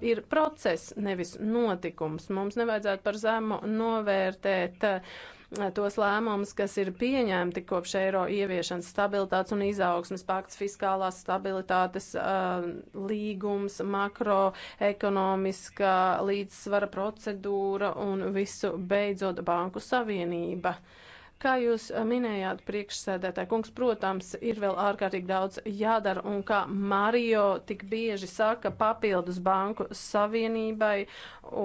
ir process, nevis notikums. Mums nevajadzētu par zemu novērtēt eh, tos lēmumus, kas ir pieņemti kopš eiro ieviešanas stabilitātes un izaugsmes pakts, fiskālās stabilitātes uh, līgums, makroekonomiskā līdzsvara procedūra un visu beidzot banku savienība. Uh, Kā jūs eh, minējāt, priekšsēdētāji kungs, protams, ir vēl ārkārtīgi daudz jādara, un kā Mario tik bieži saka, papildus banku savienībai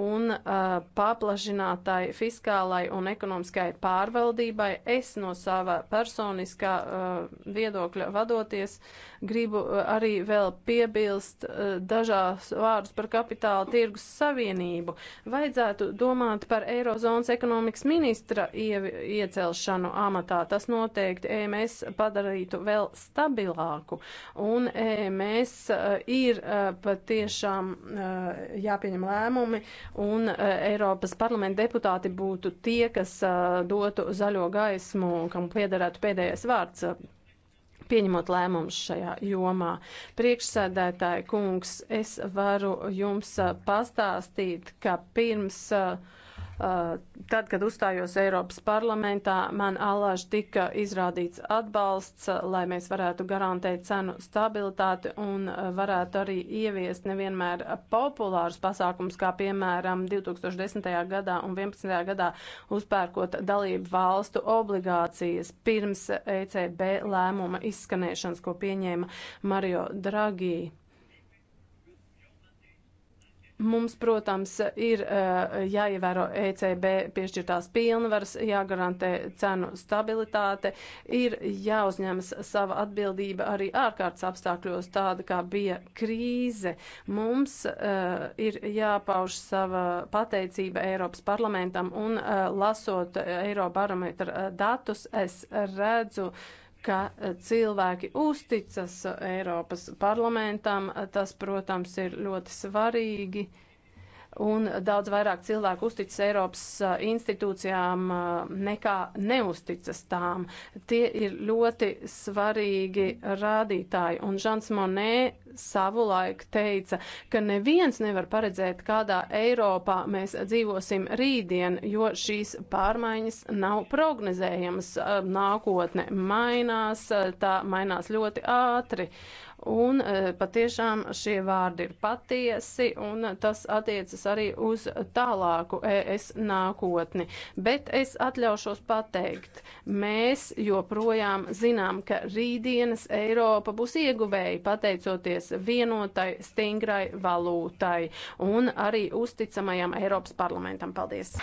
un uh, paplašinātai fiskālai un ekonomiskai pārvaldībai, es no sava personiskā uh, viedokļa vadoties Gribu eh, arī vēl piebilst eh, dažās vārdus par kapitāla tirgus savienību. Vajadzētu domāt par Eirozonas ekonomikas ministra iecelšanu amatā. Tas noteikti EMS padarītu vēl stabilāku. Un EMS eh, ir patiešām jāpieņem lēmumi un Eiropas parlamenta deputāti būtu tie, kas dotu zaļo gaismu, kam piederētu pēdējais vārds pieņemot lēmumus šajā jomā. Priekšsēdētāji kungs, es varu jums pastāstīt, ka pirms uh, Uh, tad, kad uzstājos Eiropas parlamentā, man allaž tika izrādīts atbalsts, uh, lai mēs varētu garantēt cenu stabilitāti un uh, varētu arī ieviest nevienmēr populārus pasākums, kā piemēram 2010. gadā un 2011. gadā uzpērkot dalību valstu obligācijas pirms ECB lēmuma izskanēšanas, ko pieņēma Mario Draghi. Mums, protams, ir eh, jāievēro ECB piešķirtās pilnvaras, jāgarantē cenu stabilitāte, ir jāuzņemas sava atbildība arī ārkārtas apstākļos, tāda kā bija krīze. Mums uh, ir jāpauž sava pateicība Eiropas parlamentam un uh, lasot Eirobarometra datus, es redzu, uh, ka eh, cilvēki uzticas eh, Eiropas parlamentam. Tas, protams, ir ļoti svarīgi un daudz vairāk cilvēku uzticas Eiropas uh, institūcijām uh, nekā neusticas tām. Tie ir ļoti svarīgi rādītāji, un Žans Monē savulaik teica, ka neviens nevar paredzēt, kādā Eiropā mēs dzīvosim rītdien, jo šīs pārmaiņas nav prognozējamas. Uh, nākotne mainās, tā mainās ļoti ātri, Un e, patiešām šie vārdi ir patiesi, un tas attiecas arī uz tālāku ES nākotni. Bet es atļaušos pateikt, mēs joprojām zinām, ka rītdienas Eiropa būs ieguvēji pateicoties vienotai, stingrai valūtai un arī uzticamajam Eiropas parlamentam. Paldies!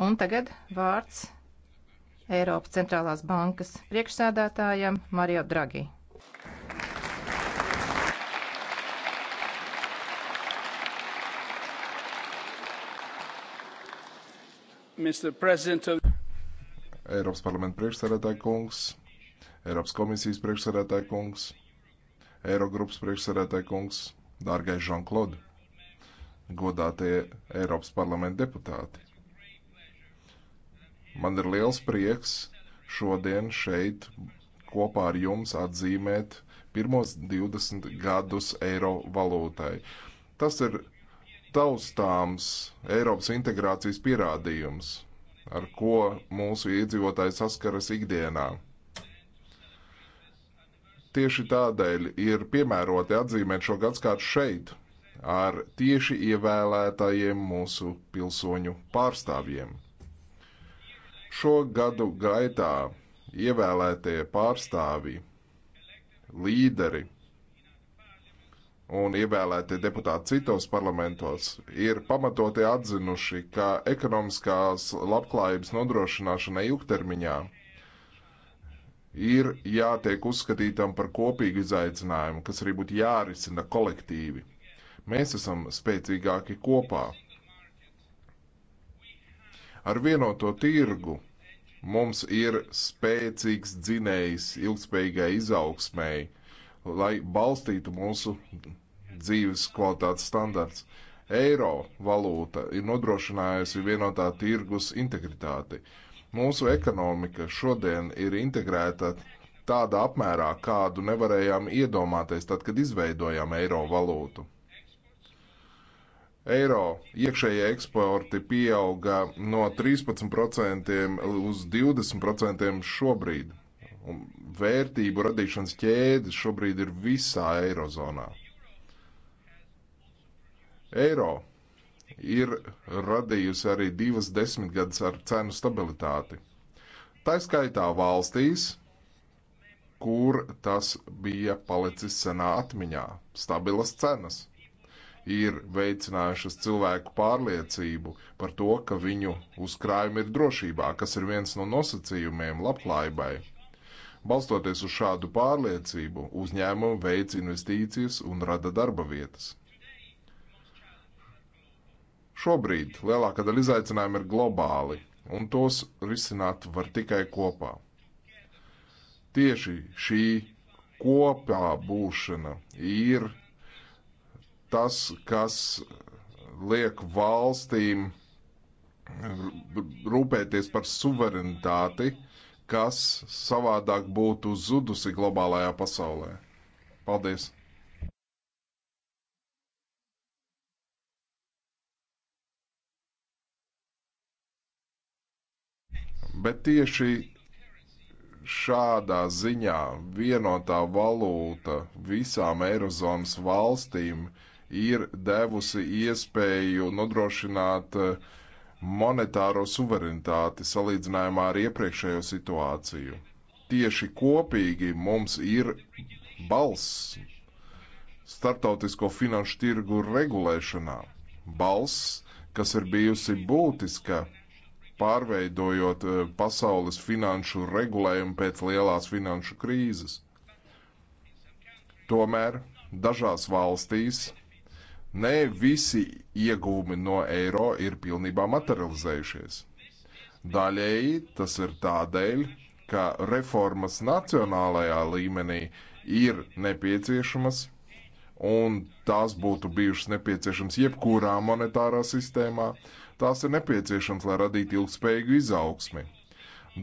Un tagad vārds Eiropas centrālās bankas priekšsēdētājam Mario Draghi. Of... Eiropas parlamenta priekšsēdētāja kungs, Eiropas komisijas priekšsēdētāja kungs, Eirogrupas priekšsēdētāja kungs, dārgais Jean-Claude godātie Eiropas parlamenta deputāti. Man ir liels prieks šodien šeit kopā ar jums atzīmēt pirmos 20 gadus eiro valūtai. Tas ir taustāms Eiropas integrācijas pierādījums, ar ko mūsu iedzīvotāji saskaras ikdienā. Tieši tādēļ ir piemēroti atzīmēt šo gadsimtu šeit, ar tieši ievēlētajiem mūsu pilsoņu pārstāvjiem. Šo gadu gaitā ievēlētie pārstāvji, līderi un ievēlētie deputāti citos parlamentos ir pamatoti atzinuši, ka ekonomiskās labklājības nodrošināšana ilgtermiņā ir jātiek uzskatītam par kopīgu izaicinājumu, kas arī būtu jārisina kolektīvi. Mēs esam spēcīgāki kopā. Ar vienoto tirgu mums ir spēcīgs dzinējs ilgspējīgai izaugsmēji, lai balstītu mūsu dzīves kvalitātes standarts. Eiro valūta ir nodrošinājusi vienotā tirgus integritāti. Mūsu ekonomika šodien ir integrēta tādā apmērā, kādu nevarējām iedomāties tad, kad izveidojām eiro valūtu eiro. Iekšējie eksporti pieauga no 13% uz 20% šobrīd. Un vērtību radīšanas ķēde šobrīd ir visā eirozonā. Eiro ir radījusi arī divas desmitgades ar cenu stabilitāti. Tā skaitā valstīs, kur tas bija palicis senā atmiņā - stabilas cenas ir veicinājušas cilvēku pārliecību par to, ka viņu uzkrājumi ir drošībā, kas ir viens no nosacījumiem labklājībai. Balstoties uz šādu pārliecību, uzņēmumi veic investīcijas un rada darba vietas. Šobrīd lielākā daļa izaicinājumu ir globāli, un tos risināt var tikai kopā. Tieši šī kopā būšana ir tas, kas liek valstīm rūpēties par suverenitāti, kas savādāk būtu zudusi globālajā pasaulē. Paldies! Bet tieši šādā ziņā vienotā valūta visām Eirozonas valstīm uh, ir devusi iespēju nodrošināt eh, monetāro suverenitāti salīdzinājumā ar iepriekšējo situāciju. Tieši kopīgi mums ir balss starptautisko finanšu tirgu regulēšanā. Balss, kas ir bijusi būtiska pārveidojot eh, pasaules finanšu regulējumu pēc lielās finanšu krīzes. Tomēr dažās valstīs Ne visi iegūmi no eiro ir pilnībā materializējušies. Daļēji tas ir tādēļ, ka reformas nacionālajā līmenī ir nepieciešamas, un tās būtu bijušas nepieciešamas jebkurā monetārā sistēmā. Tās ir nepieciešamas, lai radītu ilgspējīgu izaugsmi.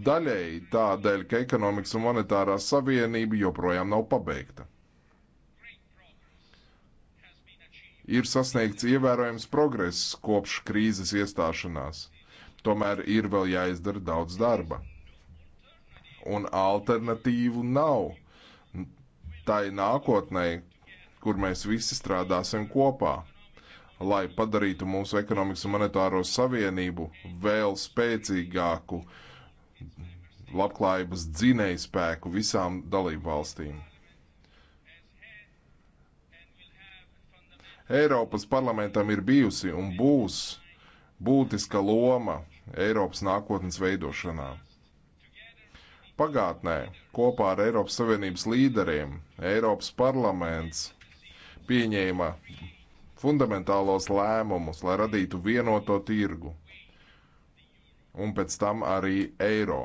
Daļēji tādēļ, ka ekonomikas un monetārā savienība joprojām nav pabeigta. ir sasniegts ievērojams progress kopš krīzes iestāšanās. Tomēr ir vēl jāizdara daudz darba. Un alternatīvu nav tai nākotnē, kur mēs visi strādāsim kopā, lai padarītu mūsu ekonomikas un monetāro savienību vēl spēcīgāku labklājības dzinēju spēku visām dalību valstīm. Eiropas parlamentam ir bijusi un būs būtiska loma Eiropas nākotnes veidošanā. Pagātnē kopā ar Eiropas Savienības līderiem Eiropas parlaments pieņēma fundamentālos lēmumus, lai radītu vienoto tirgu un pēc tam arī eiro.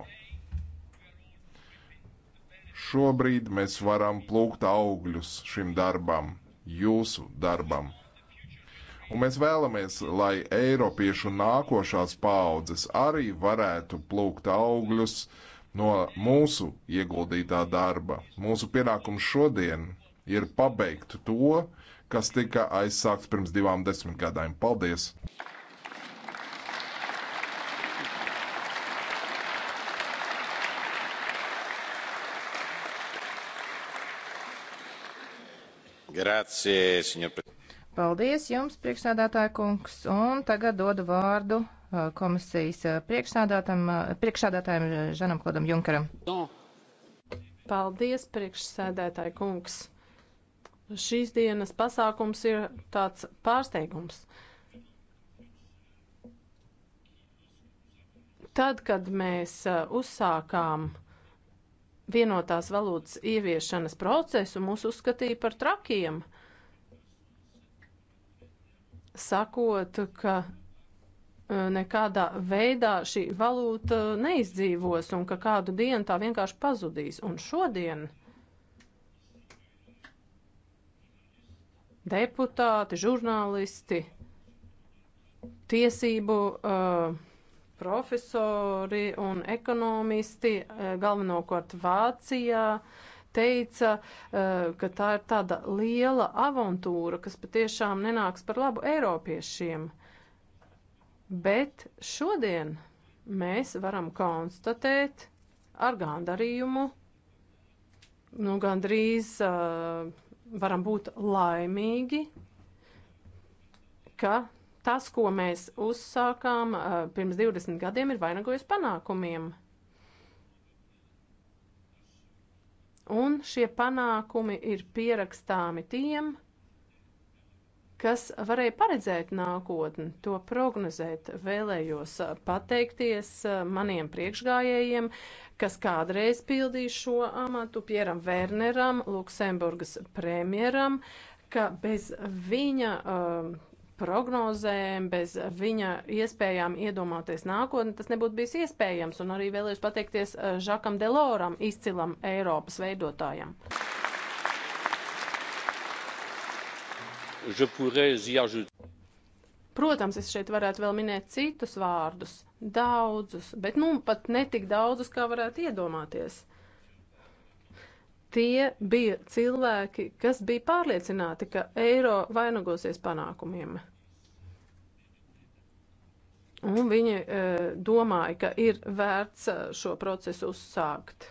Šobrīd mēs varam plūkt augļus šim darbam jūsu darbam. Un mēs vēlamies, lai Eiropiešu nākošās paaudzes arī varētu plūkt augļus no mūsu ieguldītā darba. Mūsu pienākums šodien ir pabeigt to, kas tika aizsākts pirms divām desmitgadēm. Paldies! Grazie, signor prezidents. Paldies jums, priekšsādātāja kungs, un tagad dodu vārdu uh, komisijas uh, priekšsādātājiem uh, Žanam Klodam Junkaram. Paldies, priekšsēdētāja kungs. Šīs dienas pasākums ir tāds pārsteigums. Tad, kad mēs uzsākām uh, vienotās valūtas ieviešanas procesu mūs uzskatīja par trakiem, sakot, ka e, nekādā veidā šī valūta neizdzīvos un ka kādu dienu tā vienkārši pazudīs. Un šodien deputāti, žurnālisti, tiesību uh, profesori un ekonomisti, eh, galvenokārt Vācijā, teica, eh, ka tā ir tāda liela avantūra, kas patiešām nenāks par labu eiropiešiem. Bet šodien mēs varam konstatēt ar gandarījumu, nu gandrīz uh, varam būt laimīgi, ka Tas, ko mēs uzsākām uh, pirms 20 gadiem, ir vainagojas panākumiem. Un šie panākumi ir pierakstāmi tiem, kas varēja paredzēt nākotni, to prognozēt. Vēlējos uh, pateikties uh, maniem priekšgājējiem, kas kādreiz pildīja šo amatu, Pieram Werneram, Luksemburgas premjeram, ka bez viņa. Uh, prognozēm, bez viņa iespējām iedomāties nākotni, tas nebūtu bijis iespējams. Un arī vēlējos pateikties eh, Žakam Deloram, izcilam Eiropas veidotājam. Protams, es šeit varētu vēl minēt citus vārdus, daudzus, bet nu pat netik daudzus, kā varētu iedomāties tie bija cilvēki, kas bija pārliecināti, ka eiro vainagosies panākumiem. Un viņi e, domāja, ka ir vērts e, šo procesu uzsākt.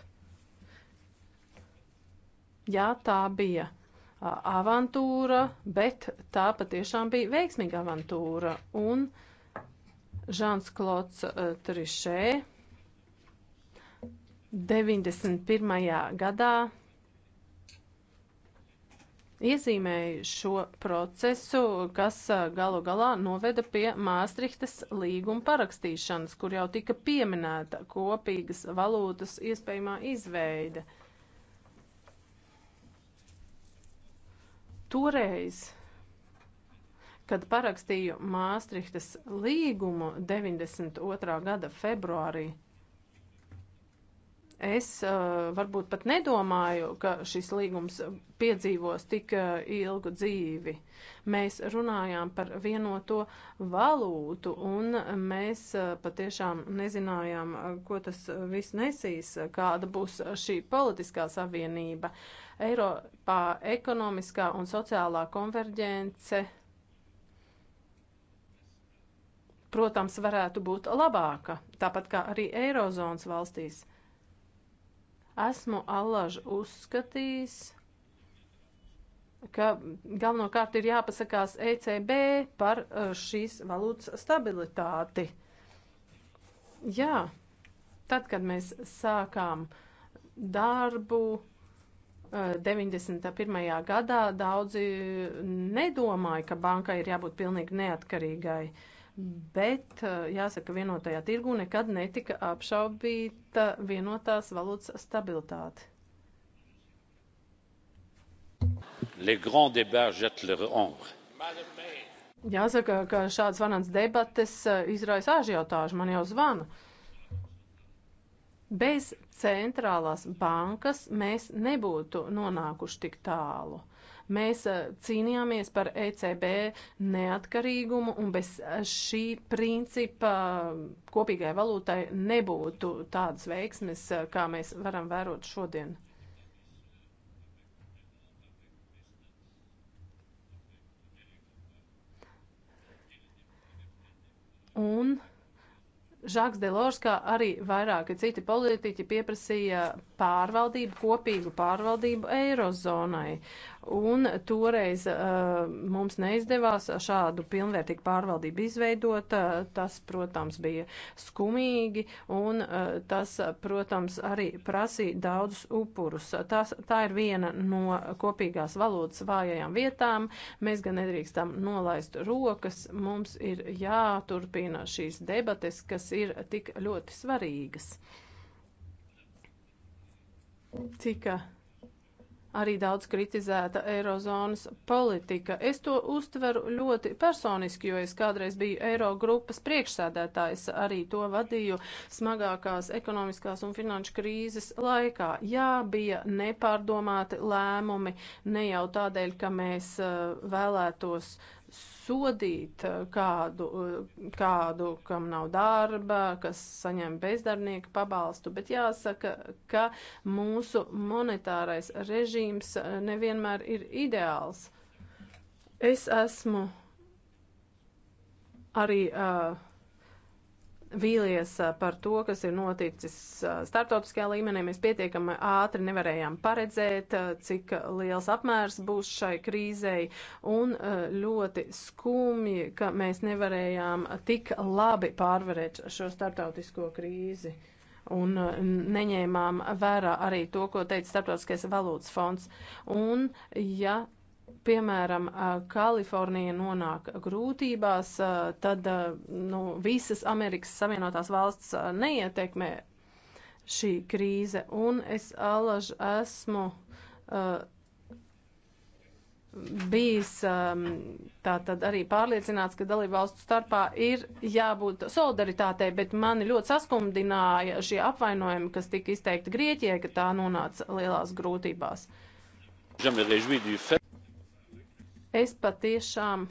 Jā, tā bija e, avantūra, bet tā patiešām bija veiksmīga avantūra. Un Žāns Klots e, Trišē 91. gadā iezīmēju šo procesu, kas galu galā noveda pie Māstrihtas līguma parakstīšanas, kur jau tika pieminēta kopīgas valūtas iespējamā izveide. Toreiz kad parakstīju Māstrihtas līgumu 92. gada februārī es uh, varbūt pat nedomāju, ka šis līgums piedzīvos tik uh, ilgu dzīvi. Mēs runājām par vienoto valūtu, un mēs uh, patiešām nezinājām, uh, ko tas viss nesīs, kāda būs šī politiskā savienība. Eiropā ekonomiskā un sociālā konverģence, protams, varētu būt labāka, tāpat kā arī Eirozonas valstīs Esmu allažu uzskatījis, ka galvenokārt ir jāpasakās ECB par uh, šīs valūtas stabilitāti. Jā, tad, kad mēs sākām darbu, 91. Uh, gadā daudzi nedomāja, ka bankai ir jābūt pilnīgi neatkarīgai bet eh, jāsaka, vienotajā tirgu nekad netika apšaubīta vienotās valūtas stabilitāte. Les grands débats jettent leur ombre. Jāsaka, ka šāds vanāns debates eh, izraisa ažiotāžu, man jau zvana. Bez centrālās bankas mēs nebūtu nonākuši tik tālu. Mēs eh, cīnījāmies par ECB neatkarīgumu, un bez eh, šī principa eh, kopīgai valūtai nebūtu tādas veiksmes, kā mēs varam vērot šodien. Un Žaks Delors, kā arī vairāki citi politiķi, pieprasīja pārvaldību, kopīgu pārvaldību Eirozonai un toreiz uh, mums neizdevās šādu pilnvērtīgu pārvaldību izveidot. Uh, tas, protams, bija skumīgi, un uh, tas, protams, arī prasīja daudzus upurus. Tas, tā ir viena no kopīgās valodas vājajām vietām. Mēs gan nedrīkstam nolaist rokas. Mums ir jāturpina šīs debates, kas ir tik ļoti svarīgas. Tika arī daudz kritizēta eirozonas politika. Es to uztveru ļoti personiski, jo es kādreiz biju eirogrupas priekšsēdētājs, arī to vadīju smagākās ekonomiskās un finanšu krīzes laikā. Jā, bija nepārdomāti lēmumi, ne jau tādēļ, ka mēs eh, vēlētos sodīt eh, kādu, eh, kādu, kam nav darba, kas saņem bezdarbnieku pabalstu, bet jāsaka, ka mūsu monetārais režīms eh, nevienmēr ir ideāls. Es esmu arī uh, vīlies par to, kas ir noticis startautiskajā līmenī. Mēs pietiekami ātri nevarējām paredzēt, cik liels apmērs būs šai krīzei, un ļoti skumji, ka mēs nevarējām tik labi pārvarēt šo startautisko krīzi. Un neņēmām vērā arī to, ko teica Startautiskais valūtas fonds. Un, ja piemēram, Kalifornija nonāk grūtībās, tad nu, visas Amerikas Savienotās valsts neietekmē šī krīze. Un es alaž esmu uh, bijis um, tā tad arī pārliecināts, ka dalību valstu starpā ir jābūt solidaritātei, bet mani ļoti saskumdināja šie apvainojumi, kas tika izteikti Grieķijai, ka tā nonāca lielās grūtībās. Jamais réjoui du fait Es patiešām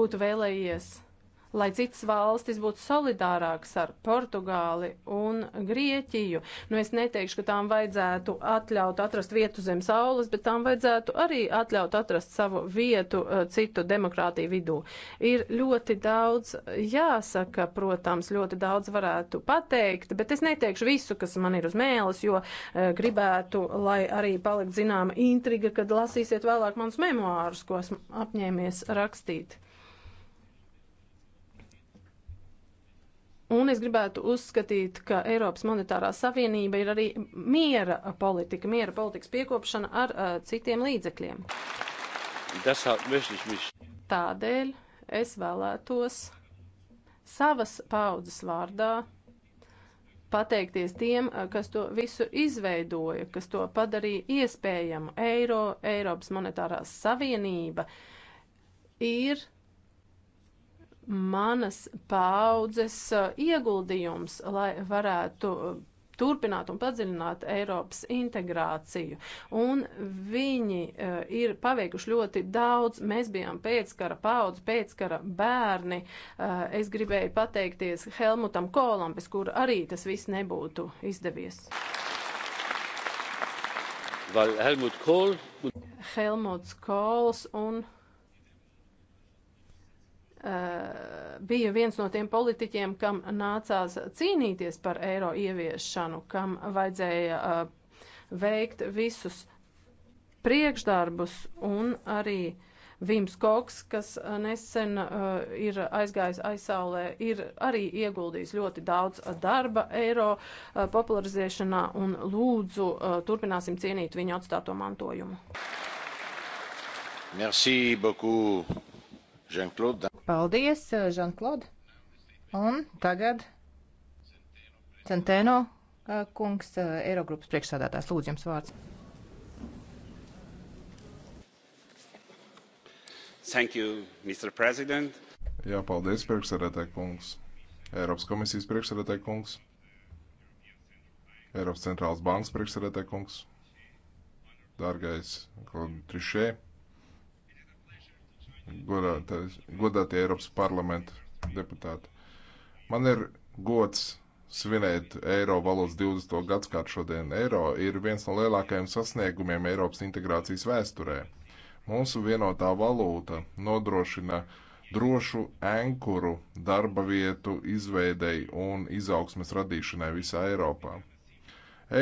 būtu vēlējies lai citas valstis būtu solidārākas ar Portugāli un Grieķiju. Nu, es neteikšu, ka tām vajadzētu atļaut atrast vietu zem saules, bet tām vajadzētu arī atļaut atrast savu vietu eh, citu demokrātiju vidū. Ir ļoti daudz jāsaka, protams, ļoti daudz varētu pateikt, bet es neteikšu visu, kas man ir uz mēles, jo eh, gribētu, lai arī palikt zināma intriga, kad lasīsiet vēlāk manus memoārus, ko esmu apņēmies rakstīt. Un es gribētu uzskatīt, ka Eiropas monetārā savienība ir arī miera politika, miera politikas piekopšana ar uh, citiem līdzekļiem. Tādēļ es vēlētos savas paudzes vārdā pateikties tiem, uh, kas to visu izveidoja, kas to padarīja iespējamu. Eiro, Eiropas monetārā savienība ir manas paudzes uh, ieguldījums, lai varētu uh, turpināt un padziļināt Eiropas integrāciju. Un viņi uh, ir paveikuši ļoti daudz. Mēs bijām pēckara paudze, pēckara bērni. Uh, es gribēju pateikties Helmutam Kolam, bez kura arī tas viss nebūtu izdevies. Helmut Kohl. Helmuts Kols un Eh, bija viens no tiem politiķiem, kam nācās cīnīties par eiro ieviešanu, kam vajadzēja eh, veikt visus priekšdarbus un arī Vims Koks, kas eh, nesen uh, ir aizgājis aizsaulē, ir arī ieguldījis ļoti daudz darba eiro uh, popularizēšanā un lūdzu uh, turpināsim cienīt viņu atstāto mantojumu. Merci beaucoup, Jean-Claude. Paldies, Žanklod. Eh, Un tagad Centeno eh, kungs, eh, Eirogrupas priekšsādātājs, lūdzu jums vārds. Thank you, Mr. President. Jā, paldies, priekšsēdētāji kungs. Eiropas komisijas priekšsēdētāji kungs. Eiropas centrālas bankas priekšsēdētāji kungs. Dārgais Trišē, godātie Eiropas parlamenta deputāti. Man ir gods svinēt eiro valodas 20. gadsimtu šodien. Eiro ir viens no lielākajiem sasniegumiem Eiropas integrācijas vēsturē. Mūsu vienotā valūta nodrošina drošu ankuru darba vietu izveidei un izaugsmes radīšanai visā Eiropā.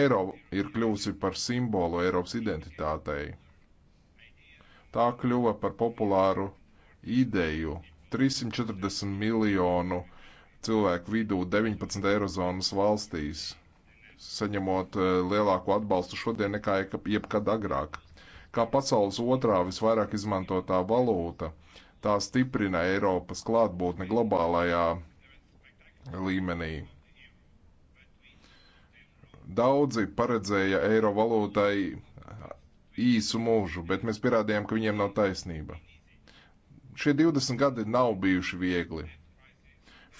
Eiro ir kļuvusi par simbolu Eiropas identitātei, Tā kļuva par populāru ideju 340 miljonu cilvēku vidū 19 eirozonas valstīs, saņemot eh, lielāku atbalstu šodien nekā jebkad agrāk. Kā pasaules otrā visvairāk izmantotā valūta, tā stiprina Eiropas klātbūtni globālajā līmenī. Daudzi paredzēja eiro valūtai īsu mūžu, bet mēs pierādījām, ka viņiem nav taisnība. Šie 20 gadi nav bijuši viegli.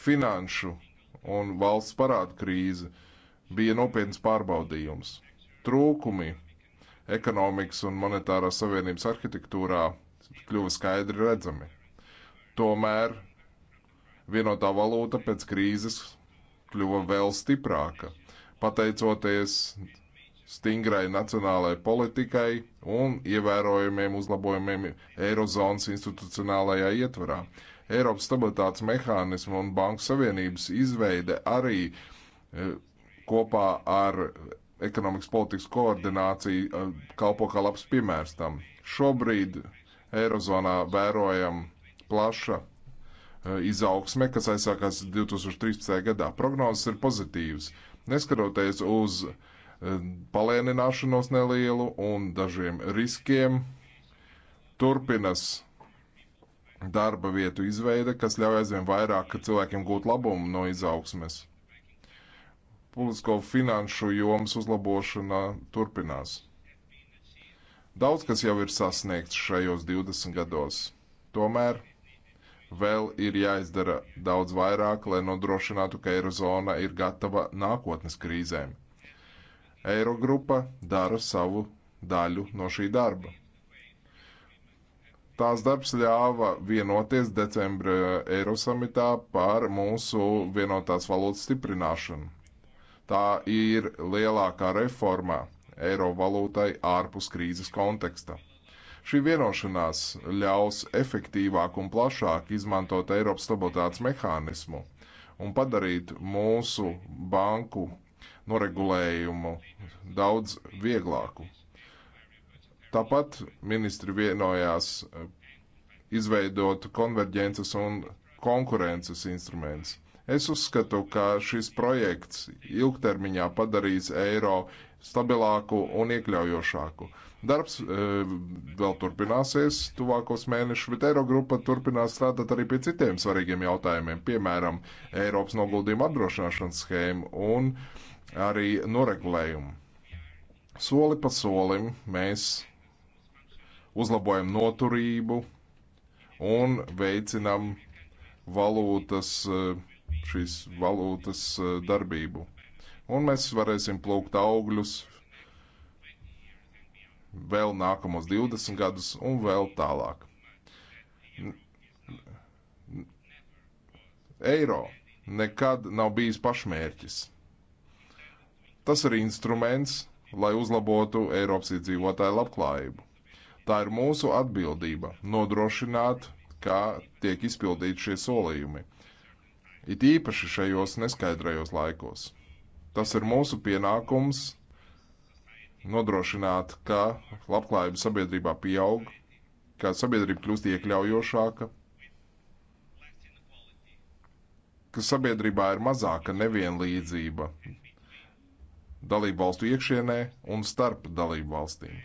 Finanšu un valsts parādu krīze bija nopietns pārbaudījums. Trūkumi ekonomikas un monetārās savienības arhitektūrā kļuva skaidri redzami. Tomēr vienotā valūta pēc krīzes kļuva vēl stiprāka, pateicoties stingrai nacionālajai politikai un ievērojumiem uzlabojumiem Eirozonas institucionālajā ietvarā. Eiropas stabilitātes mehānismu un Banku Savienības izveide arī e, kopā ar ekonomikas politikas koordināciju e, kalpo kā labs piemērs tam. Šobrīd Eirozonā vērojam plaša e, izaugsme, kas aizsākās 2013. gadā. Prognozes ir pozitīvas. Neskatoties uz uh, Um, palēnināšanos nelielu un dažiem riskiem. Turpinas darba vietu izveide, kas ļauj aizvien vairāk cilvēkiem gūt labumu no izaugsmes. Publisko finanšu jomas uzlabošana turpinās. Daudz kas jau ir sasniegts šajos 20 gados. Tomēr vēl ir jāizdara daudz vairāk, lai nodrošinātu, ka Eirozona ir gatava nākotnes krīzēm. Eirogrupa dara savu daļu no šī darba. Tās darbs ļāva vienoties decembra Eirosamitā par mūsu vienotās valūtas stiprināšanu. Tā ir lielākā reforma eiro valūtai ārpus krīzes konteksta. Šī vienošanās ļaus efektīvāk un plašāk izmantot Eiropas stabilitātes mehānismu un padarīt mūsu banku noregulējumu daudz vieglāku. Tāpat ministri vienojās eh, izveidot konverģences un konkurences instruments. Es uzskatu, ka šis projekts ilgtermiņā padarīs eiro stabilāku un iekļaujošāku. Darbs e, vēl turpināsies tuvākos mēnešus, bet Eirogrupa turpinās strādāt arī pie citiem svarīgiem jautājumiem, piemēram, Eiropas noguldījuma apdrošināšanas schēmu un e, arī noregulējumu. Soli pa solim mēs uzlabojam noturību un veicinam valūtas, eh, šīs valūtas eh, darbību. Un mēs varēsim plūkt augļus vēl nākamos 20 gadus un vēl tālāk. Eiro nekad nav bijis pašmērķis. Tas ir instruments, lai uzlabotu Eiropas iedzīvotāju labklājību. Tā ir mūsu atbildība nodrošināt, kā tiek izpildīti šie solījumi. It īpaši šajos neskaidrajos laikos. Tas ir mūsu pienākums nodrošināt, ka labklājība sabiedrībā pieaug, ka sabiedrība kļūst iekļaujošāka, ka sabiedrībā ir mazāka nevienlīdzība, dalību valstu iekšienē un starp dalību valstīm.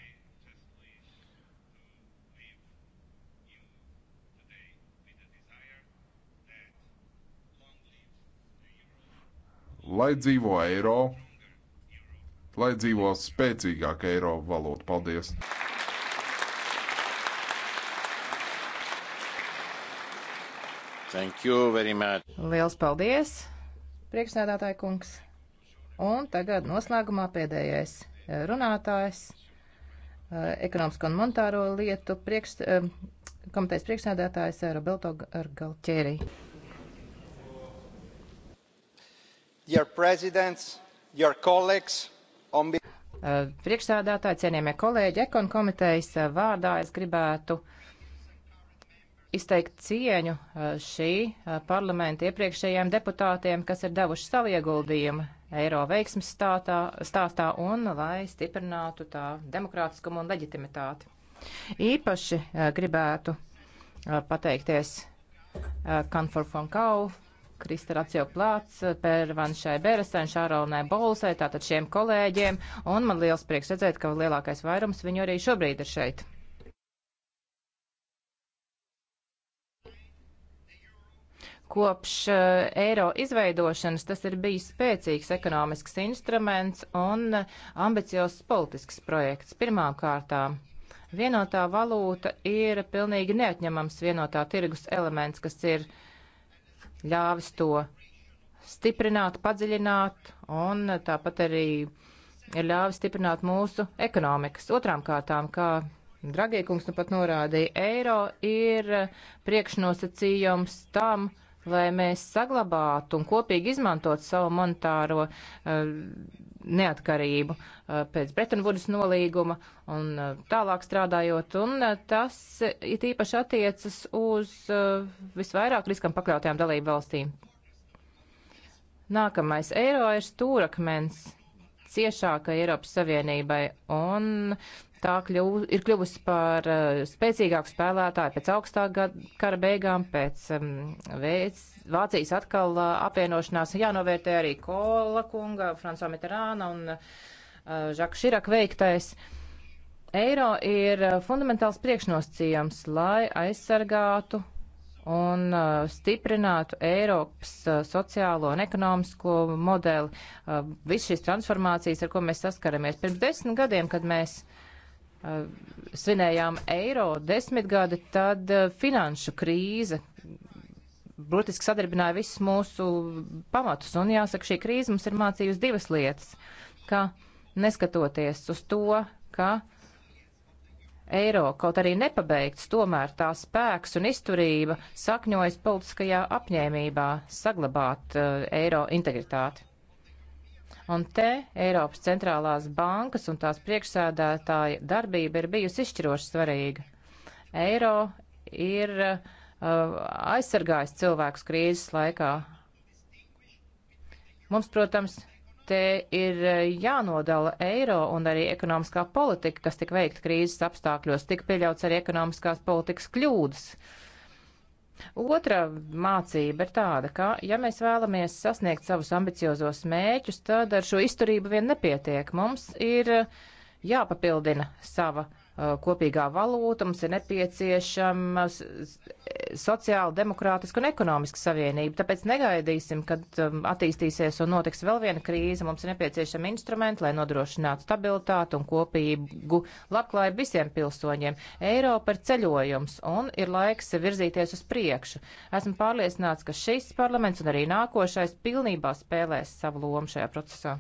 Lai dzīvo eiro, lai dzīvo spēcīgāka eiro valūta. Paldies! Thank you very much. Liels paldies, priekšsēdētāji kungs! Un tagad noslēgumā pēdējais eh, runātājs eh, ekonomisko un monetāro lietu priekš, eh, komitejas priekšsēdētājs Roberto er, Galtieri. Your presidents, your colleagues, on... Priekšsēdētāji, cienījamie kolēģi, ekonomikas komitejas vārdā es gribētu uh, izteikt cieņu šī parlamenta iepriekšējiem deputātiem, kas ir devuši savu ieguldījumu eiro veiksmes stātā, stāstā un lai stiprinātu tā demokrātiskumu un leģitimitāti. Īpaši gribētu pateikties Kanfor Fonkau, Krista Racio Plāts, Pērvanšai Beresēn, Šārolnai Bolsai, tātad šiem kolēģiem, un man liels prieks redzēt, ka lielākais vairums viņu arī šobrīd ir šeit. Kopš eh, eiro izveidošanas tas ir bijis spēcīgs ekonomisks instruments un eh, ambiciozs politisks projekts pirmām kārtām. Vienotā valūta ir pilnīgi neatņemams vienotā tirgus elements, kas ir ļāvis to stiprināt, padziļināt un eh, tāpat arī ir ļāvis stiprināt mūsu ekonomikas. Otrām kārtām, kā Dragie kungs nu pat norādīja, eiro ir priekšnosacījums tam, uh, lai mēs saglabātu un kopīgi izmantot savu monetāro uh, neatkarību uh, pēc Bretonvudas nolīguma un uh, tālāk strādājot. Un tas it īpaši attiecas uz visvairāk riskam pakļautajām dalību valstīm. Nākamais eiro ir stūrakmens ciešākai Eiropas Savienībai, un tā kļuv, ir kļuvusi par uh, spēcīgāku spēlētāju pēc augstākā gada, kara beigām, pēc um, mm, vēc, Vācijas atkal uh, apvienošanās. Jānovērtē arī Kola kunga, Franco Mitterāna un uh, Žaka Širaka veiktais. Eiro ir uh, fundamentāls priekšnosacījums, lai aizsargātu un uh, stiprinātu Eiropas uh, sociālo un ekonomisko modeli. Uh, Viss šīs transformācijas, ar ko mēs saskaramies pirms desmit gadiem, kad mēs uh, Eh, svinējām eiro desmitgadi, tad eh, finanšu krīze brutiski sadarbināja visus mūsu pamatus. Un jāsaka, šī krīze mums ir mācījusi divas lietas, ka neskatoties uz to, ka eiro, kaut arī nepabeigts, tomēr tā spēks un izturība sakņojas politiskajā apņēmībā saglabāt uh, eiro integritāti. Un te Eiropas centrālās bankas un tās priekšsēdētāja darbība ir bijusi izšķiroši svarīga. Eiro ir uh, aizsargājis cilvēkus krīzes laikā. Mums, protams, te ir uh, jānodala eiro un arī ekonomiskā politika, kas tika veikta krīzes apstākļos, tika pieļauts arī ekonomiskās politikas kļūdas. Uh, Otra mācība ir tāda, ka, ja mēs vēlamies sasniegt savus ambiciozos mēķus, tad ar šo izturību vien nepietiek. Mums ir jāpapildina sava Uh, kopīgā valūta, mums ir nepieciešama sociāla, demokrātiska un ekonomiska savienība. Tāpēc negaidīsim, kad um, attīstīsies un notiks vēl viena krīze. Mums ir nepieciešama instrumenti, lai nodrošinātu stabilitātu un kopīgu labklājību visiem pilsoņiem. Eiropa ir ceļojums un ir laiks virzīties uz priekšu. Esmu pārliecināts, ka šis parlaments un arī nākošais pilnībā spēlēs savu lomu šajā procesā.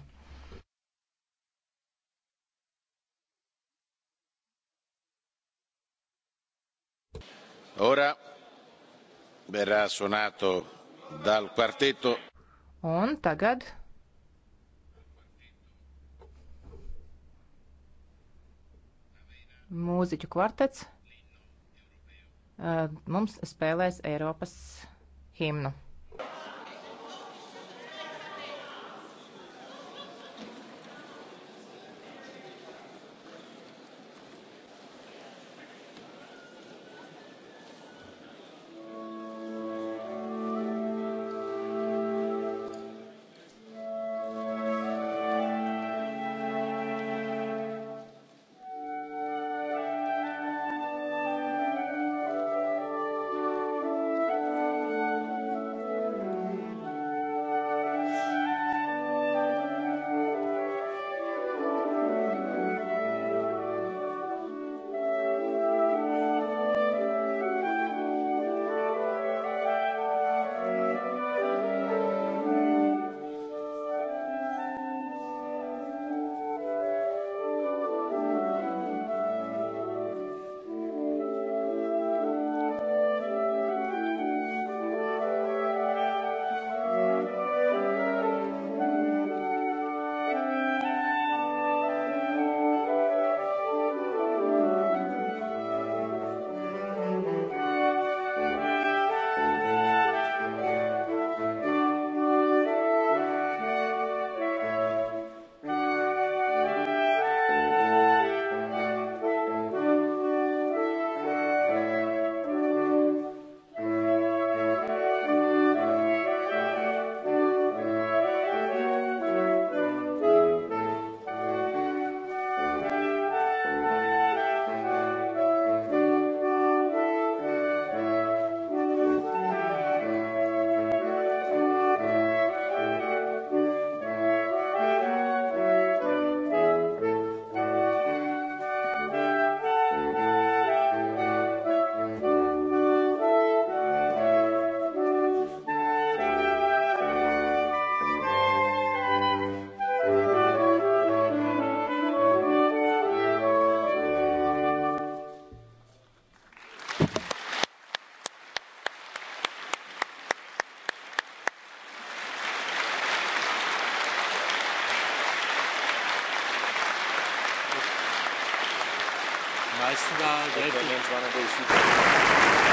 Ora verrà suonato dal quartetto. Un tagad mūziķu kvartets eh, mums spēlēs Eiropas himnu. aizsargāt.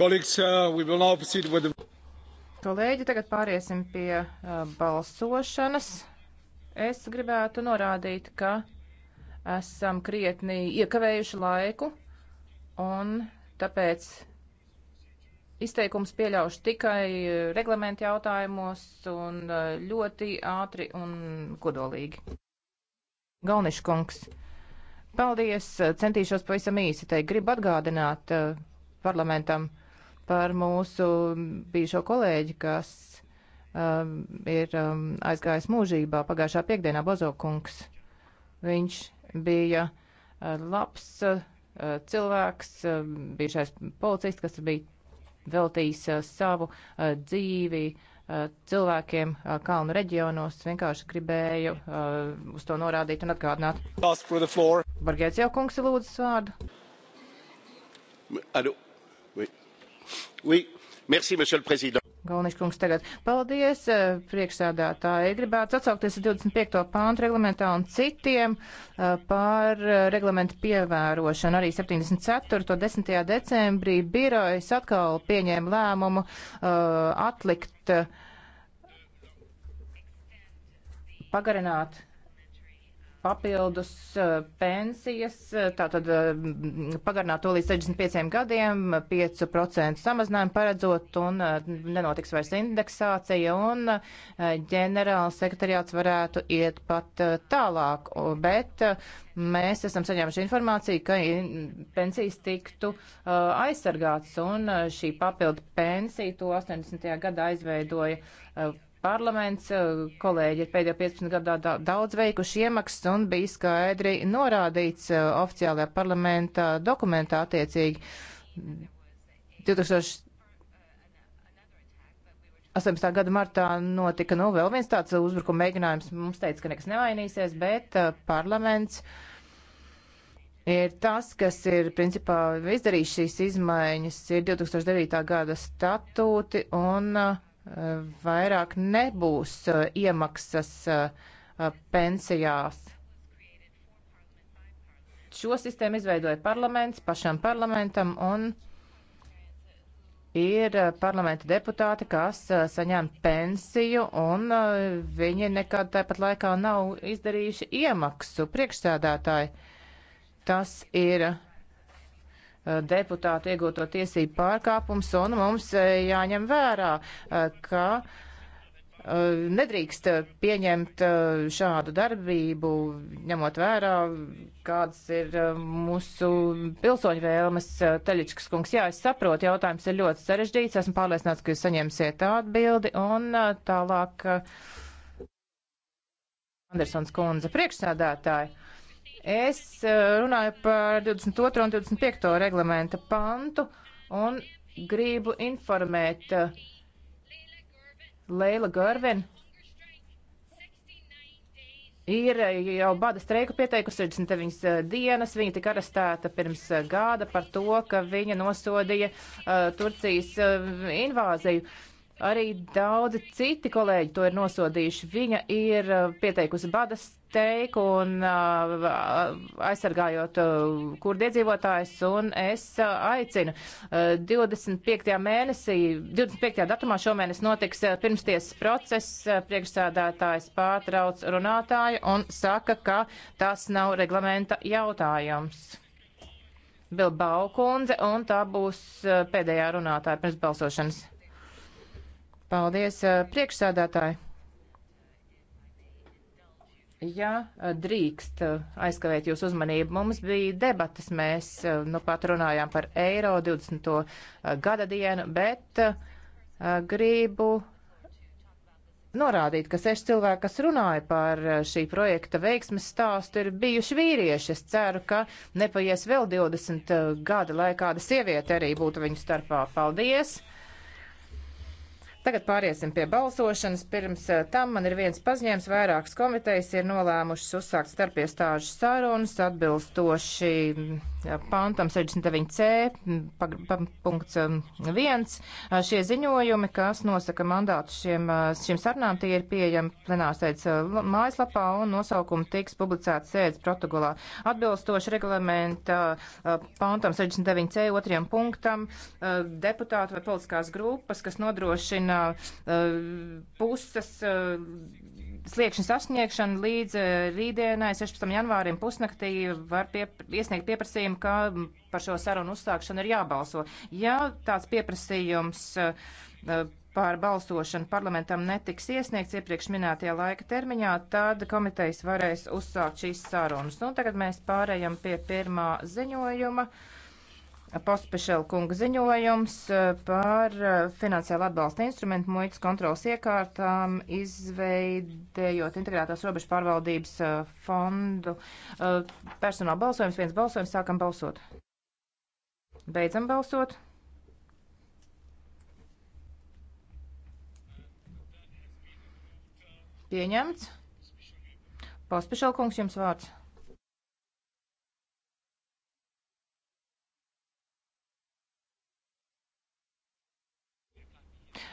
Uh, Kolēģi, tagad pāriesim pie uh, balsošanas. Es gribētu norādīt, ka esam krietni iekavējuši laiku, un tāpēc izteikums pieļaušu tikai uh, reglamentu jautājumos un uh, ļoti ātri un kodolīgi. Galniškungs, paldies, centīšos pavisam īsi teikt, gribu atgādināt parlamentam par mūsu bijušo kolēģi, kas um, ir um, aizgājis mūžībā pagājušā piekdienā Bozokungs. Viņš bija uh, labs uh, cilvēks, uh, bijušais policists, kas bija veltījis uh, savu uh, dzīvi uh, cilvēkiem uh, kalnu reģionos. Vienkārši gribēju uh, uz to norādīt un atgādināt. Bargēts jau kungs lūdzu vārdu. Oui. Merci, monsieur le président. Galniņš kungs tagad. Paldies, eh, priekšsēdētāji. Gribētu atsaukties 25. pāntu reglamentā un citiem eh, par eh, reglamentu pievērošanu. Arī 74. 10. decembrī birojas atkal pieņēma lēmumu atlikt, pagarināt papildus eh, pensijas, eh, tātad eh, pagarināt to līdz 65 gadiem, 5% samazinājumu paredzot un nenotiks vairs indeksācija un ģenerāla sekretariāts varētu iet pat tālāk, bet mēs esam saņēmuši informāciju, ka pensijas tiktu aizsargātas un šī papildu pensija to 80. gadā aizveidoja Parlaments, eh, kolēģi ir pēdējo 15 gadā daudz veikuši iemaksas un bija skaidri norādīts eh, oficiālajā parlamenta dokumentā attiecīgi 2000. 18. gada martā notika nu, vēl viens tāds uzbrukuma mēģinājums. Mums teica, ka nekas nevainīsies, bet uh, parlaments ir tas, kas ir principā izdarījis šīs izmaiņas, ir 2009. gada statūti un uh, vairāk nebūs eh, iemaksas eh, pensijās. Šo sistēmu izveidoja parlaments pašam parlamentam un ir eh, parlamenta deputāti, kas saņem pensiju, un viņi nekad tāpat laikā nav izdarījuši iemaksu priekšsēdētāji. Tas ir Eh, deputātu iegūto tiesību pārkāpums, un mums eh, jāņem vērā, eh, ka nedrīkst pieņemt šādu darbību, ņemot vērā, kādas ir mūsu pilsoņu vēlmes. Teļičkas kungs, jā, es saprotu, jautājums ir ļoti sarežģīts, esmu pārliecināts, ka jūs saņemsiet atbildi, un tālāk Andersons kundze priekšsādātāji. Es eh, runāju par 22. un 25. reglamenta pantu un gribu informēt eh, Leila Garvin. Ir eh, jau bada streiku pieteikusi 69 dienas. Viņa tika arestēta pirms gada par to, ka viņa nosodīja uh, Turcijas uh, invāziju. Arī daudzi citi kolēģi to ir nosodījuši. Viņa ir uh, pieteikusi badas teiku un uh, aizsargājot uh, kurdiedzīvotājs, un es uh, aicinu 25. mēnesī, 25. datumā šomēnes notiks pirmsties process, priekšsādātājs pārtrauc runātāju un saka, ka tas nav reglamenta jautājums. Bilbao kundze, un tā būs pēdējā runātāja pirms balsošanas. Paldies, priekšsādātāji! Ja eh, drīkst eh, aizkavēt jūs uzmanību, mums bija debatas, mēs eh, nu pat runājām par eiro 20. gada dienu, bet gribu norādīt, ka seši cilvēki, kas runāja par šī projekta veiksmes stāstu, ir bijuši vīrieši. Es ceru, ka nepaies vēl 20 gada, lai kāda sieviete arī būtu viņu starpā. Paldies! Tagad pāriesim pie balsošanas. Pirms eh, tam man ir viens paziņojums. Vairākas komitejas ir nolēmušas uzsākt starpiestāžu sarunas atbilstoši mm, pantam 69c, punkts 1. Um, šie ziņojumi, kas nosaka mandātu šiem, šiem sarunām, tie ir pieejami plenārsēdes mājaslapā un nosaukumi tiks publicēti sēdes protokolā. Atbilstoši reglamenta pantam 69c otriem punktam deputātu vai politiskās grupas, kas nodrošina puses sliekšņa sasniegšanu līdz eh, rītdienai, 16. janvārim pusnaktī, var piep iesniegt pieprasījumu, ka par šo sarunu uzsākšanu ir jābalso. Ja tāds pieprasījums eh, pār balsošanu parlamentam netiks iesniegts iepriekš minētajā laika termiņā, tad komitejas varēs uzsākt šīs sarunas. Nu, tagad mēs pārējam pie pirmā ziņojuma. Uh, Postpešela kunga ziņojums eh, par eh, finansiālu atbalsta instrumentu muitas kontrolas iekārtām, izveidējot integrētās robežu pārvaldības eh, fondu. Personāla balsojums, viens balsojums, sākam balsot. Beidzam balsot. Pieņemts. Postpešela kungs, jums vārds.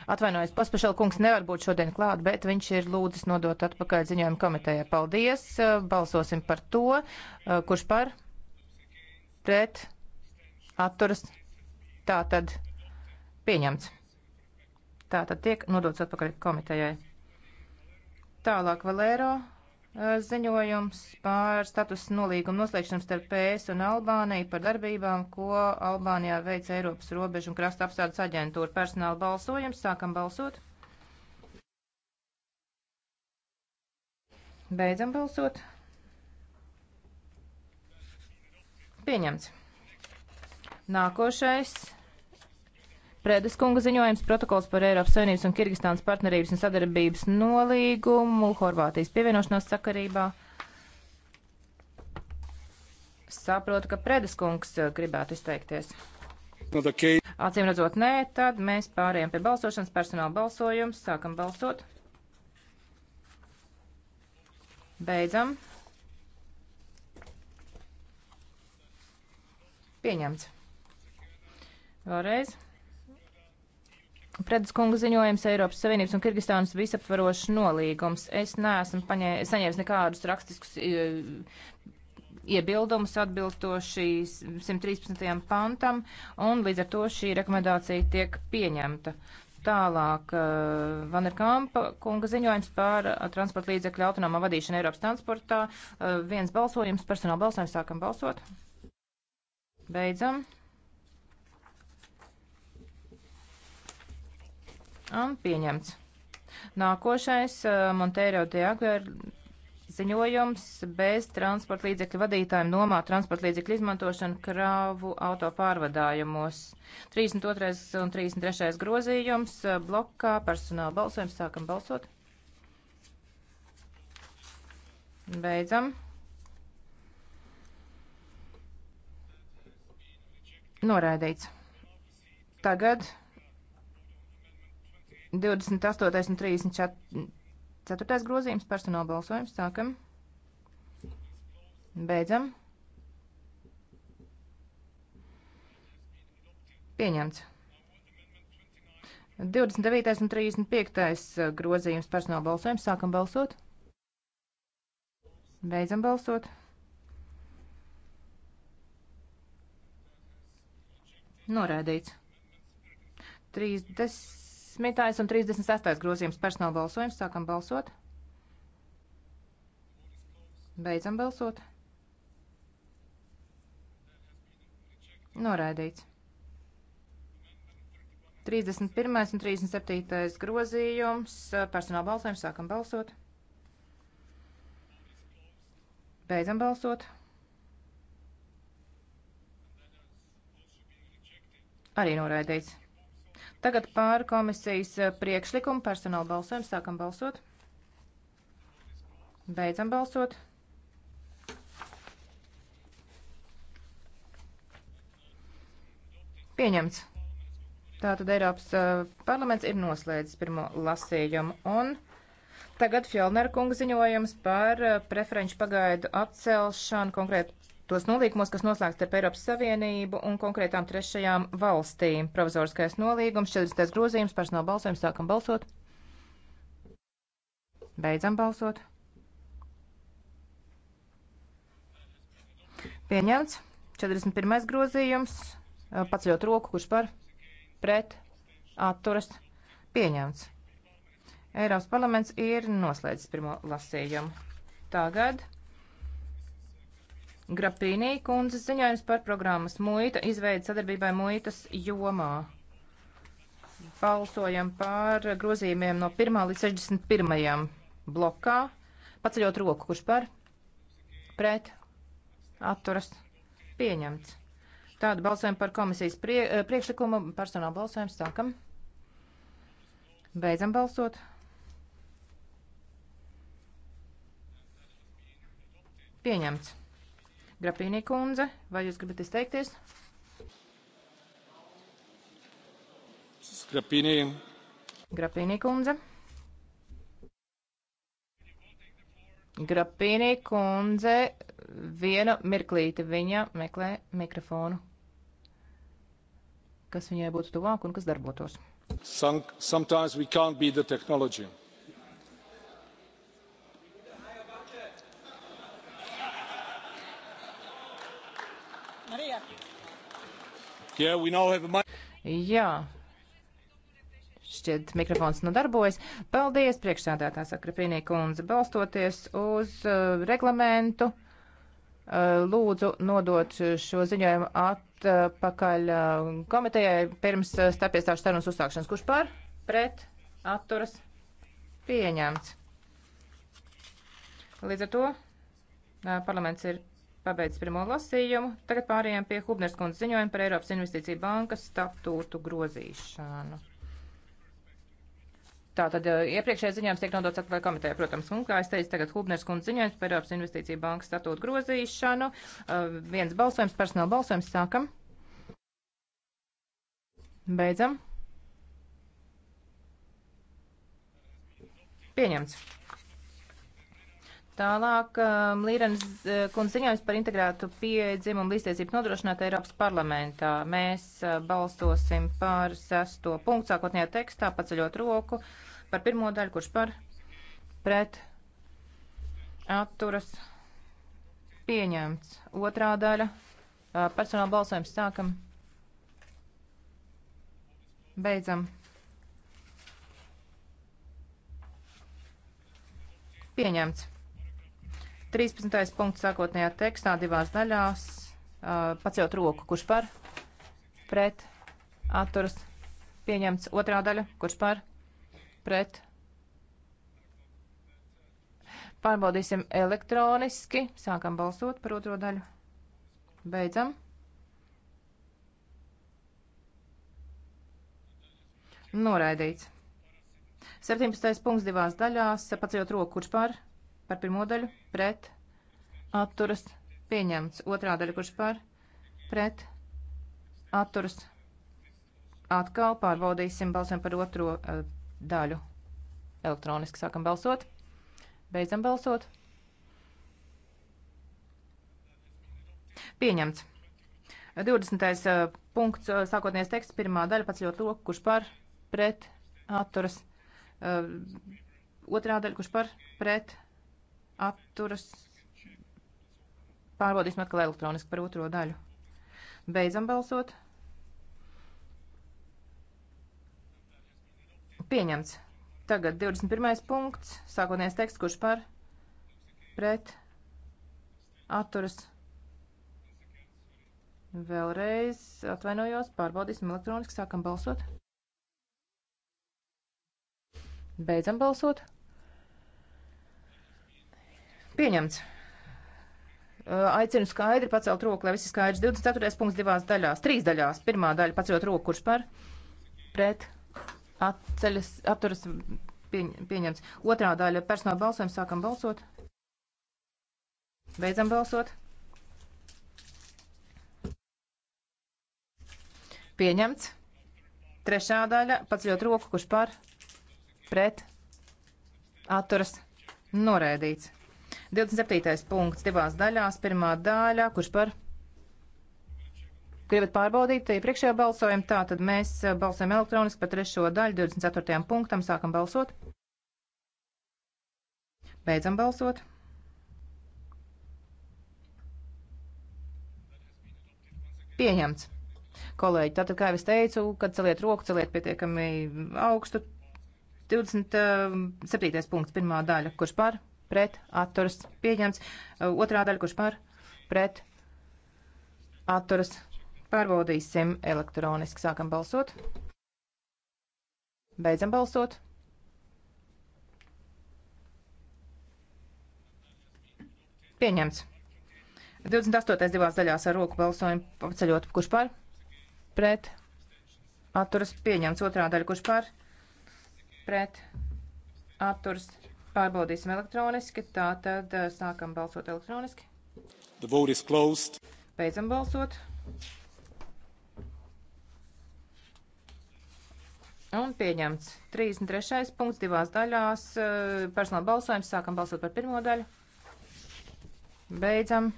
Atvainojos, Paspašela kungs nevar būt šodien klāt, bet viņš ir lūdzis nodot atpakaļ ziņojumu komitejai. Paldies, eh, balsosim par to, eh, kurš par, pret, atturas, tā tad pieņemts. Tā tad tiek nodots atpakaļ komitejai. Tālāk Valēro Eh, ziņojums pār statusu nolīgumu noslēgšanu starp PS un Albāniju par darbībām, ko Albānijā veic Eiropas robežu un krasta apstādes aģentūra. Personāla balsojums. Sākam balsot. Beidzam balsot. Pieņemts. Nākošais Prēdes kunga ziņojums protokols par Eiropas Savienības un Kirgistānas partnerības un sadarbības nolīgumu Horvātijas pievienošanās sakarībā. Saprotu, ka Prēdes kungs eh, gribētu izteikties. Acīm redzot, nē, tad mēs pārējām pie balsošanas personāla balsojums. Sākam balsot. Beidzam. Pieņemts. Vēlreiz. Predes kunga ziņojums Eiropas Savienības un Kirgistānas visaptvarošs nolīgums. Es neesmu paņē, saņēmis nekādus rakstiskus iebildumus atbilstoši 113. pantam, un līdz ar to šī rekomendācija tiek pieņemta. Tālāk uh, Vanerkampa kunga ziņojums par transporta līdzekļu autonomā vadīšanu Eiropas transportā. Uh, viens balsojums, personāla balsojums, sākam balsot. Beidzam. Un pieņemts. Nākošais uh, Monteiro de Agver ziņojums bez transporta līdzekļu vadītājiem nomā transporta līdzekļu izmantošanu krāvu auto pārvadājumos. 32. un 33. grozījums uh, blokā personāla balsojums. Sākam balsot. Beidzam. Noraidīts. Tagad 28. un 34. grozījums personāla balsojums. Sākam. Beidzam. Pieņemts. 29. un 35. Eh, grozījums personāla balsojums. Sākam balsot. Beidzam balsot. Noraidīts. 30. 30. un 36. grozījums personāla balsojums. Sākam balsot. Beidzam balsot. Noraidīts. 31. un 37. grozījums eh, personāla balsojums. Sākam balsot. Beidzam balsot. Arī noraidīts. Tagad pār komisijas eh, priekšlikumu personāla balsojumu sākam balsot. Beidzam balsot. Pieņemts. Tātad Eiropas eh, parlaments ir noslēdzis pirmo lasījumu un tagad Fjolner kunga ziņojums par eh, preferenču pagaidu atcelšanu konkrētu tos nolīgumos, kas noslēgts ar Eiropas Savienību un konkrētām trešajām valstīm. Provizoriskais nolīgums, 40. grozījums, personāla balsojums, sākam balsot. Beidzam balsot. Pieņemts. 41. grozījums. Paceļot roku, kurš par, pret, atturas. Pieņemts. Eiropas parlaments ir noslēdzis pirmo lasījumu. Tagad. Grapīnī kundzes ziņojums par programmas muita izveidi sadarbībai muitas jomā. Balsojam par grozījumiem no 1. līdz 61. blokā. Paceļot roku, kurš par? Pret? Atturas? Pieņemts. Tādu balsojumu par komisijas prie, eh, priekšlikumu personāla balsojumu sākam. Beidzam balsot. Pieņemts. Grapīnī kundze, vai jūs gribat izteikties? Grapīnī. Grapīnī kundze. Grapīnī kundze, vienu mirklīti viņa meklē mikrofonu. Kas viņai būtu tuvāk un kas darbotos? Some, sometimes we can't be the technology. Yeah, a... Jā, šķiet mikrofons nodarbojas. Paldies, priekšsādātā Sakrapīnī kundze, balstoties uz uh, reglamentu. Uh, lūdzu nodot šo ziņojumu atpakaļ uh, komitejai pirms uh, starpiestāšu sarunas uzsākšanas. Kurš par? Pret? Atturas? Pieņemts. Līdz ar to uh, parlaments ir pabeidz pirmo lasījumu. Tagad pārējām pie Hubners kundzes ziņojuma par Eiropas investīciju bankas statūtu grozīšanu. Tātad e, iepriekšējais ziņojums tiek nodots atpakaļ komitē, protams, un, kā es teicu, tagad Hubners kundze ziņojums par Eiropas investīciju bankas statūtu grozīšanu. Uh, viens balsojums, personāla balsojums, sākam. Beidzam. Pieņemts. Tālāk um, Līrenas uh, kundze ziņojums par integrētu pieeja dzimumu līdztiesību nodrošināt Eiropas parlamentā. Mēs uh, balsosim par sesto punktu sākotnējā tekstā, paceļot roku par pirmo daļu, kurš par pret atturas pieņemts. Otrā daļa uh, personāla balsojums sākam. Beidzam. Pieņemts. 13. punkts sākotnējā tekstā divās daļās. Pacelt roku, kurš par, pret, atturas, pieņemts. Otrā daļa, kurš par, pret. Pārbaudīsim elektroniski. Sākam balsot par otro daļu. Beidzam. Noraidīts. 17. punkts divās daļās. Pacelt roku, kurš par, pret par pirmo daļu pret atturas pieņemts. Otrā daļa, kurš par pret atturas atkal pārbaudīsim balsēm par otro uh, daļu. Elektroniski sākam balsot. Beidzam balsot. Pieņemts. 20. Uh, eh, punkts, uh, sākotnējais teksts, pirmā daļa, pats ļoti loku, kurš par pret atturas. Uh, otrā daļa, kurš par pret atturas. Pārbaudīsim atkal elektroniski par otro daļu. Beidzam balsot. Pieņemts. Tagad 21. punkts, sākotnējais teksts, kurš par pret atturas. Vēlreiz atvainojos, pārbaudīsim elektroniski, sākam balsot. Beidzam balsot. Pieņemts. Aicinu skaidri pacelt roku, lai visi skaidrs. 24. punkts divās daļās, trīs daļās. Pirmā daļa paceļot roku, kurš par, pret, atceļas, apturas pieņ, pieņemts. Otrā daļa personāla balsojuma sākam balsot. Beidzam balsot. Pieņemts. Trešā daļa paceļot roku, kurš par, pret, atturas, noraidīts. 27. punkts divās daļās. Pirmā daļā, kurš par? Gribat pārbaudīt iepriekšējo balsojumu? Tā tad mēs eh, balsojam elektroniski par trešo daļu 24. punktam. Sākam balsot. Beidzam balsot. Pieņemts. Kolēģi, tātad, kā jau es teicu, kad celiet roku, celiet pietiekami augstu. 27. Eh, punkts, pirmā daļa, kurš par? pret atturas pieņemts. Uh, otrā daļa, kurš par pret atturas pārbaudīsim elektroniski. Sākam balsot. Beidzam balsot. Pieņemts. 28. divās daļās ar roku balsojumu paceļot, kurš par, pret, atturas pieņemts, otrā daļa, kurš par, pret, atturas Pārbaudīsim elektroniski, tā tad eh, sākam balsot elektroniski. The vote is closed. Beidzam balsot. Un pieņemts 33. punkts divās daļās. Eh, personāla balsojums. Sākam balsot par pirmo daļu. Beidzam.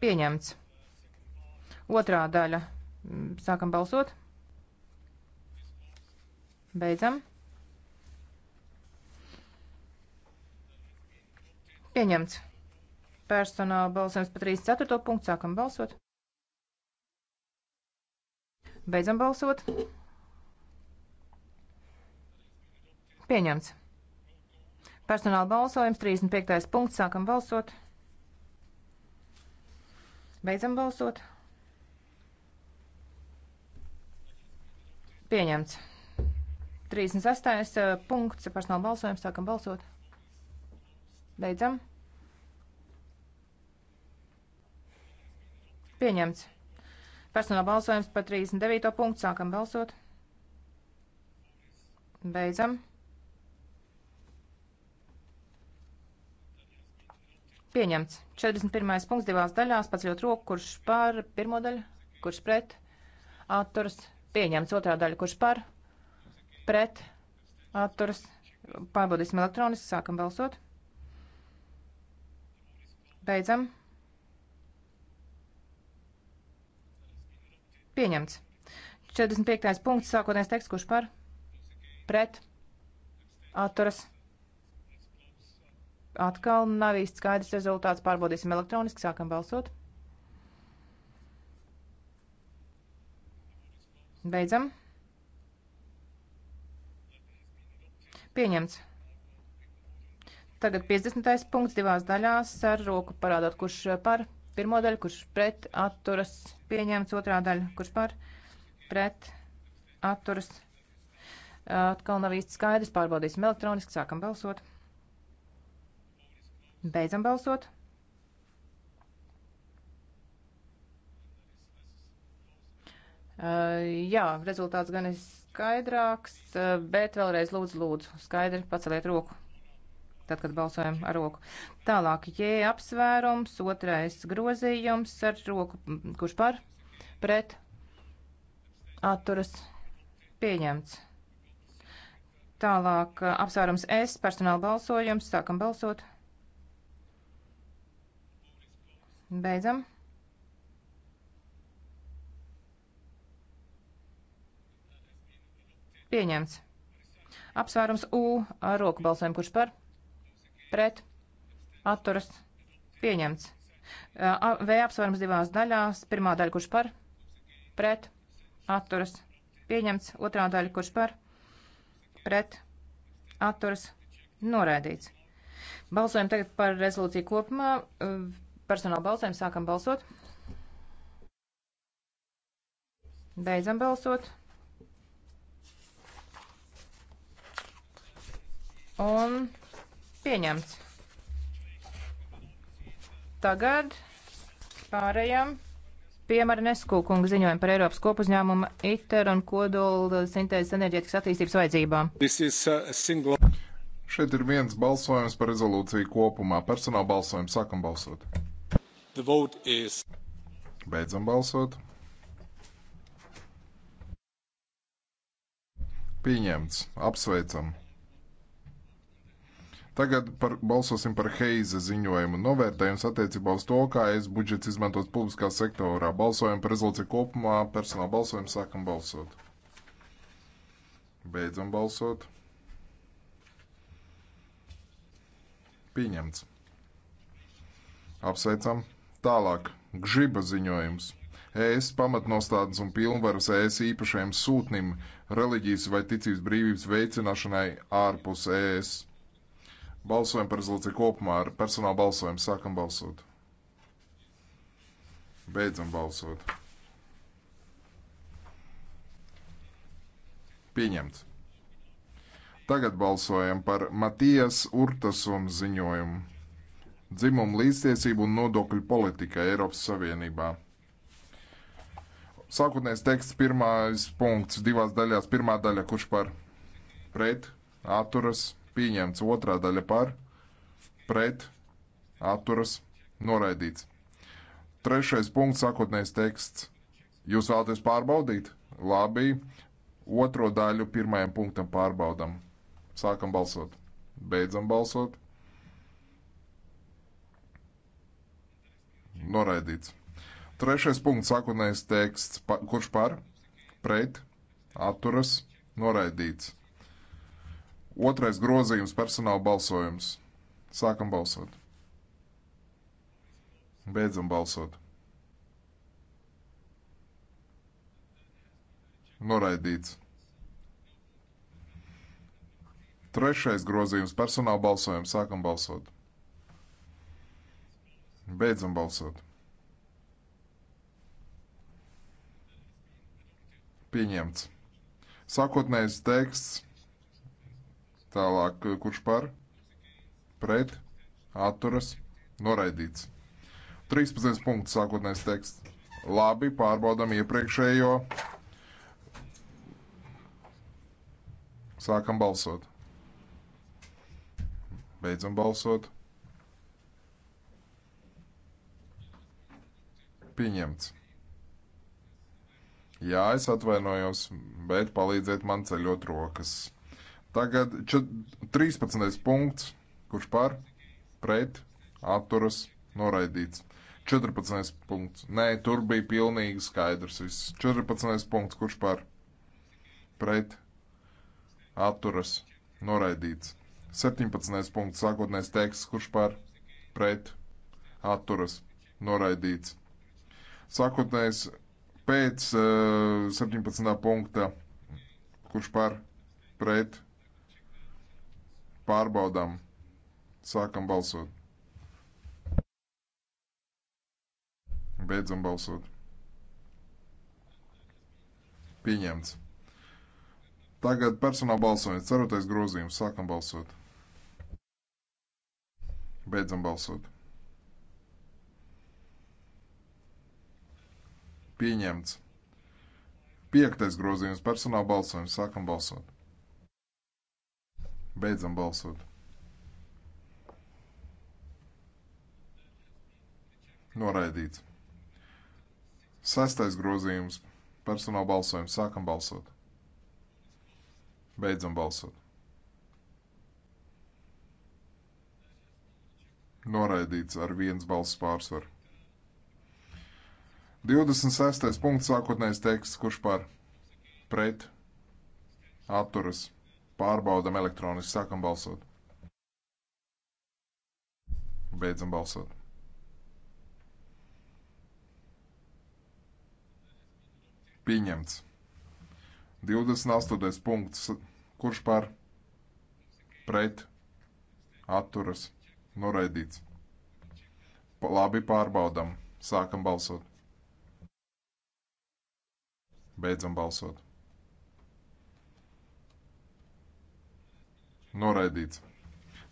Pieņemts. Otrā daļa. Mm, sākam balsot. Beidzam. Pieņemts. Personāla balsojums par 34. punktu. Sākam balsot. Beidzam balsot. Pieņemts. Personāla balsojums 35. punkts. Sākam balsot. Beidzam balsot. Pieņemts. 38. Eh, punkts, personāla balsojums, sākam balsot. Beidzam. Pieņemts. Personāla balsojums par 39. punktu, sākam balsot. Beidzam. Pieņemts. 41. punkts divās daļās, paceļot roku, kurš par pirmo daļu, kurš pret, atturas. Pieņemts otrā daļa, kurš par, pret atturas pārbaudīsim elektroniski, sākam balsot. Beidzam. Pieņemts. 45. punkts, sākotnēs teksts, kurš par pret atturas. Atkal nav īsti skaidrs rezultāts, pārbaudīsim elektroniski, sākam balsot. Beidzam. Pieņemts. Tagad 50. punkts divās daļās ar roku parādot, kurš par pirmo daļu, kurš pret atturas pieņemts, otrā daļa, kurš par pret atturas. Atkal nav īsti skaidrs, pārbaudīsim elektroniski, sākam balsot. Beidzam balsot. Uh, jā, rezultāts gan es skaidrāks, bet vēlreiz lūdzu, lūdzu, skaidri paceliet roku. Tad, kad balsojam ar roku. Tālāk, jē, apsvērums, otrais grozījums ar roku, kurš par, pret, atturas, pieņemts. Tālāk, apsvērums S, personāla balsojums, sākam balsot. Beidzam. Pieņemts. Apsvērums U ar roku balsojumu, kurš par, pret, atturas, pieņemts. V apsvērums divās daļās. Pirmā daļa, kurš par, pret, atturas, pieņemts. Otrā daļa, kurš par, pret, atturas, noraidīts. Balsojam tagad par rezolūciju kopumā. Personāla balsojumu sākam balsot. Beidzam balsot. un pieņemts. Tagad pārējām pie Marinesku kunga ziņojuma par Eiropas kopuzņēmumu ITER un kodola sintēzes enerģētikas attīstības vajadzībām. Single... Šeit ir viens balsojums par rezolūciju kopumā. Personāla balsojumu sākam balsot. Is... Beidzam balsot. Pieņemts. Apsveicam. Tagad par, balsosim par Heize ziņojumu. Novērtējums attiecībā uz to, kā es budžets izmantots publiskā sektorā. Balsojam par rezolūciju kopumā, personāla balsojumu sākam balsot. Beidzam balsot. Pieņemts. Apsveicam. Tālāk. Gžiba ziņojums. ES pamatnostādnes un pilnvaras ES īpašajam sūtnim reliģijas vai ticības brīvības veicināšanai ārpus ES. Balsojam par rezolūciju kopumā ar personālu balsojumu. Sākam balsot. Beidzam balsot. Pieņemts. Tagad balsojam par Matijas Urtasuna ziņojumu. Dzimumu līdztiesību un nodokļu politika Eiropas Savienībā. Sākotnējais teksts, pirmais punkts, divās daļās. Pirmā daļa, kurš par pret, atturas, pieņemts. Otrā daļa par, pret, atturas, noraidīts. Trešais punkts, sākotnējais teksts. Jūs vēlaties pārbaudīt? Labi. Otro daļu pirmajam punktam pārbaudam. Sākam balsot. Beidzam balsot. Noraidīts. Trešais punkts, sākotnējais teksts. Pa, kurš par? Pret, atturas, noraidīts. Otrais grozījums - personāla balsojums. Sākam balsot. Beidzam balsot. Noraidīts. Trešais grozījums - personāla balsojums. Sākam balsot. Beidzam balsot. Pieņemts. Sākotnējais teksts Tālāk, kurš par? Pret, atturas, noraidīts. 13. punkts, sākotnējais teksts. Labi, pārbaudam iepriekšējo. Sākam balsot. Beidzam balsot. Pieņemts. Jā, es atvainojos, bet palīdziet man ceļot rokas. Tagad 13. punkts, kurš par, pret, atturas, noraidīts. 14. punkts. Nē, tur bija pilnīgi skaidrs viss. 14. punkts, kurš par, pret, atturas, noraidīts. 17. punkts, sākotnējais teksts, kurš par, pret, atturas, noraidīts. Sākotnējais pēc uh, eh, 17. punkta, kurš par, pret, Pārbaudām. Sākam balsot. Beidzam balsot. Pieņemts. Tagad personāla balsojums. Cerotais grozījums. Sākam balsot. Beidzam balsot. Pieņemts. Piektais grozījums. Personāla balsojums. Sākam balsot. Beidzam balsot. Noraidīts. Sestais grozījums. Personāla balsojums. Sākam balsot. Beidzam balsot. Noraidīts ar viens balss pārsvaru. 26. punkts sākotnējais teksts, kurš par pret atturas Pārbaudam elektroniski, sākam balsot. Beidzam balsot. Pieņemts. 28. punkts. Kurš par? Pret. Atturas. Noraidīts. Labi pārbaudam. Sākam balsot. Beidzam balsot. Noraidīts.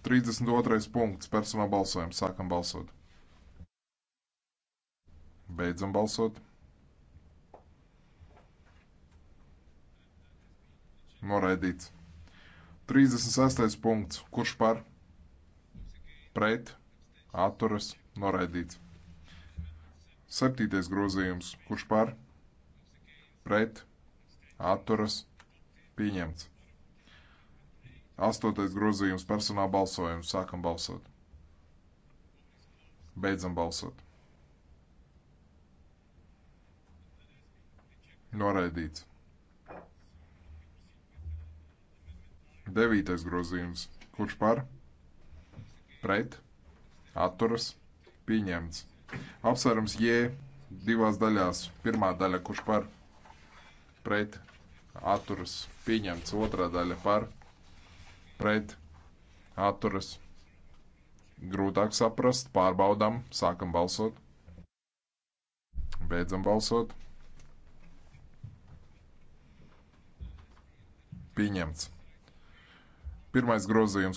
32. punkts. Personāla balsojums. Sākam balsot. Beidzam balsot. Noraidīts. 36. punkts. Kurš par? Pret. Atturas. Noraidīts. 7. grozījums. Kurš par? Pret. Atturas. Pieņemts. Astotais grozījums personāla balsojums. Sākam balsot. Beidzam balsot. Noraidīts. Devītais grozījums. Kurš par? Pret. Atturas. Pieņemts. Apsvērums J divās daļās. Pirmā daļa, kurš par? Pret. Atturas. Pieņemts. Otrā daļa par? pret atturas. Grūtāk saprast, pārbaudām, sākam balsot. Beidzam balsot. Pieņemts. Pirmais grozījums,